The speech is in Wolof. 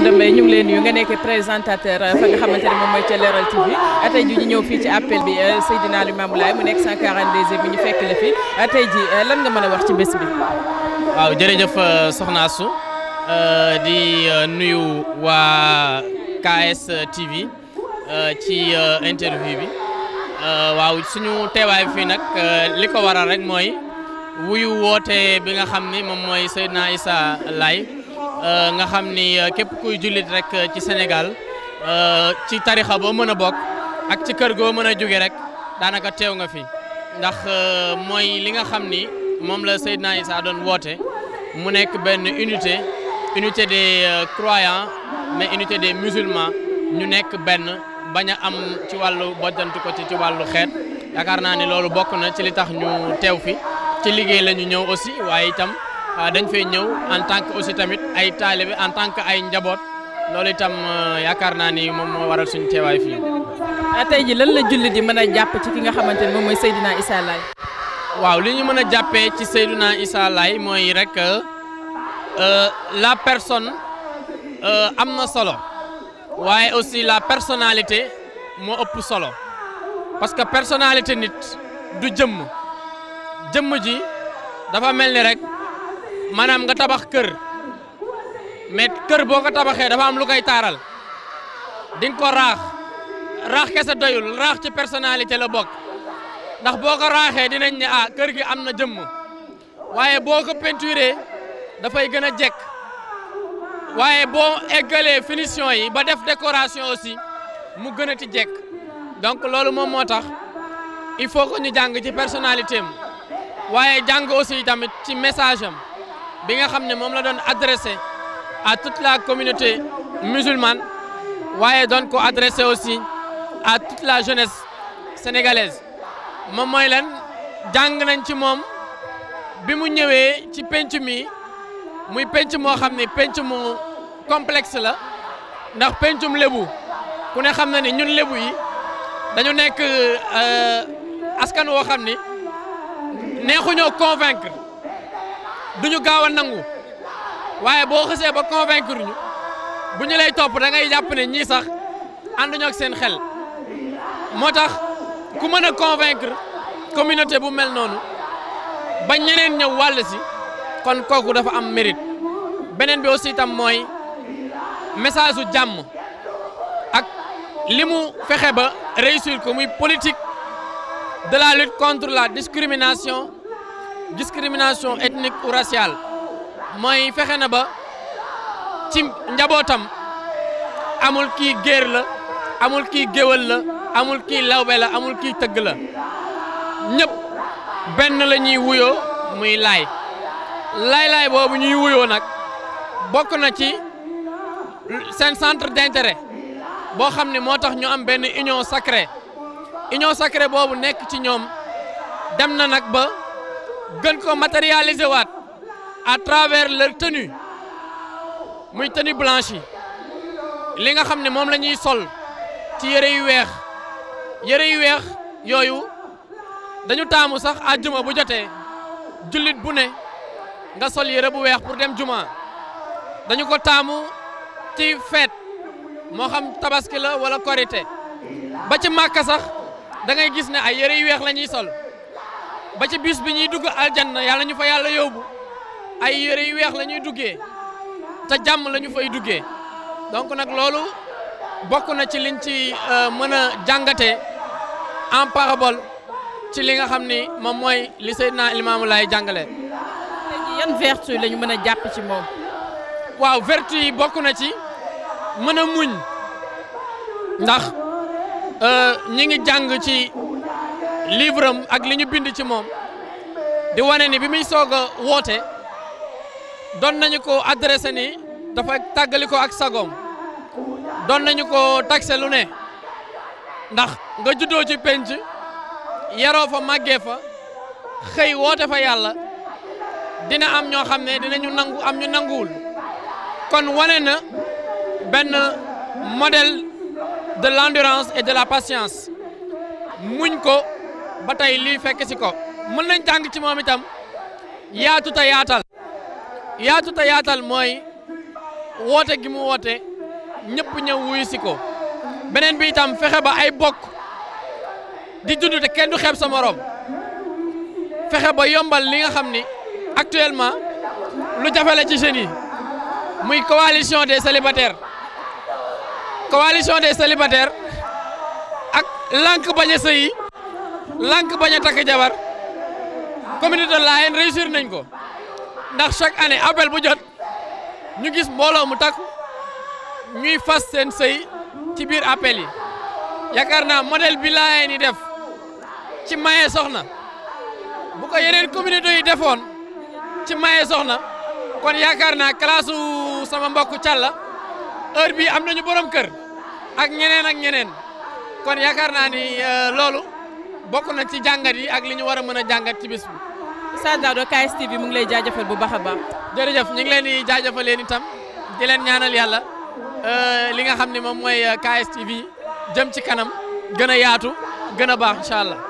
Daouda Mbaye ñu ngi leen nuyu nga nekk présentateur fa nga xamante ne moom mooy ca Leral TV tey ji ñu ñëw fii ci appel bi euh, Seydina Limamou Laye mu nekk 142e bi ñu fekk la fi euh, tey ji euh, lan nga mën a wax ci bés bi. waaw jërëjëf soxna Asou di nuyu waa KS TV ci interview bi waaw suñu teewaay fii nag li ko waral rek mooy wuyu woote bi nga xam ni moom mooy Seydina Issa lay Euh, nga xam ni euh, képp kuy jullit rek euh, ci Sénégal ci tarixa boo mën a bokk ak ci kër goo mën a jóge rek daanaka teew nga fi ndax mooy li nga xam ni moom la Seydina Issa doon woote mu nekk benn unité unité des croyants mais unité des musulmans ñu nekk benn bañ a am ci wàllu bojjantu ko ci ci wàllu xeet yaakaar naa ne loolu bokk na ci li tax ñu teew fi ci liggéey lañu ñu ñëw aussi waaye itam Euh, dañ fay ñëw en tant que aussi tamit ay taalibe en tant que ay njaboot loolu itam euh, yaakaar naa ni moom moo waral suñu teewaay fii. Euh, tey ji lan la jullit di mën a jàpp ci ki nga xamante ni moom mooy Seydina Issa Laye. waaw li ñu mën a jàppee ci Seydina Issa Laye mooy rek la personne am na solo waaye aussi la personnalité moo ëpp solo parce que personnalité nit du jëmm jëmm ji dafa mel ni rek. maanaam nga tabax kër mais kër boo ko tabaxee dafa am lu koy taaral di nga ko raax raax kese doyul raax ci personnalité la bokk ndax boo ko raaxee dinañ ne ah kër gi am na jëmm waaye boo ko peinturé dafay gën a jekk waaye boo eggalee finition yi ba def décoration aussi mu gën a ti jekk donc loolu moom moo tax il faut que ñu jàng ci personnalité am waaye jàng aussi tamit ci message am bi nga xam ne moom la doon adressé à toute la communauté musulmane waaye doon ko adressé aussi à toute la jeunesse sénégalaise moom mooy lan jàng nañ ci moom bi mu ñëwee ci penc mi muy penc moo xam ne penc mu complexe la ndax pencum lébu ku ne xam na ni ñun lébu yi dañu nekk euh, askan woo xam ni neexuñoo convaincre duñu gaaw a nangu waaye boo xësee ba convaincre ñu bu ñu lay topp da ngay jàpp ne ñii sax ànduñu ak seen xel moo tax ku mën a convaincre communauté bu mel noonu ba ñeneen ñëw wàll si kon kooku dafa am mérite beneen bi aussi tam mooy message su jàmm ak li mu fexe ba réussir ko muy politique de la lutte contre la discrimination discrimination ethnique ou raciale mooy fexe na ba ci njabootam amul kii géer la amul kii géwël la amul kii lawbe la amul kii tëgg la ñëpp benn la ñuy wuyoo muy laay laay-laay boobu ñuy wuyoo nag bokk na ci seen centre d'intérêt boo xam ne moo tax ñu am benn union sacrée union sacrée boobu nekk ci ñoom dem na nag ba gën ko matérialiser waat à travers leur tenue muy tenue blanche yi li nga xam ne moom la ñuy sol ci yëre yu weex yëre yu weex yooyu dañu taamu sax juma bu jotee jullit bu ne nga sol yëre bu weex pour dem juma dañu ko taamu ci feet moo xam tabaski la wala korite ba ci màkka sax da ngay gis ne ay yëre yu weex la ñuy sol ba ci bis bi ñuy dugg aljanna yàlla ñu fa yàlla yóbbu ay yére yu weex lañuy duggee te jàmm lañu ñu fay duggee donc nag loolu bokk na ci liñ ci euh, mën a jàngatee en parabole ci li nga xam ni moom mooy li Seydina Limaamu Laay jàngale yan vertu la mën a jàpp ci moom. waaw vertu yi bokk na ci mën a muñ ndax euh, ñi ngi jàng ci. livre ak li ñu bind ci moom di wane ni bi muy soog a woote doon nañu ko adressé dafa tàggali ko ak sagoom doon nañu ko taxe lu ne ndax nga juddoo ci penc yaroo fa màggee fa xëy woote fa yàlla dina am ñoo xam ne dinañu nangu am ñu nanguwul kon wane na benn model de l'endurance et de la patience muñ ko ba tey lii fekk si ko mën nañ jàng ci moom itam yaatu ta yaatal yaatu ta yaatal mooy woote gi mu woote ñëpp ñëw wuyu si ko beneen bi itam fexe ba ay bokk di dund te kenn du xeeb sa morom fexe ba yombal li nga xam ni actuellement lu jafe la ci jeunes muy coalition des célibataires coalition des célibataires ak lànk bañ a sëyi lànk bañ a takk jabar communauté Layène réussir nañ ko ndax chaque année appel bu jot ñu gis mbooloo mu takku ñuy fas seen sëy ci biir appel yi yaakaar naa modèle bi Layène yi def ci maye soxna bu ko yeneen communauté yi defoon ci maye soxna kon yaakaar naa classe sama mbokku càlla heure bi am nañu borom kër ak ñeneen ak ñeneen kon yaakaar naa ni euh, loolu bokk na ci jàngat yi ak li ñu war a mën a jàngat ci bis bi. Oustaz Daouda KS mu ngi lay jaajëfal bu baax a baax. jërëjëf ñu ngi leen di jaajëfal leen itam di leen ñaanal yàlla euh, li nga xam ne moom mooy euh, KS TV jëm ci kanam gën a yaatu gën a baax incha allah.